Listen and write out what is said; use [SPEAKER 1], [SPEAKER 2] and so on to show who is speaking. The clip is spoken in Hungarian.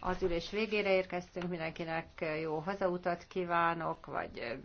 [SPEAKER 1] az ülés végére érkeztünk, mindenkinek jó hazautat kívánok, vagy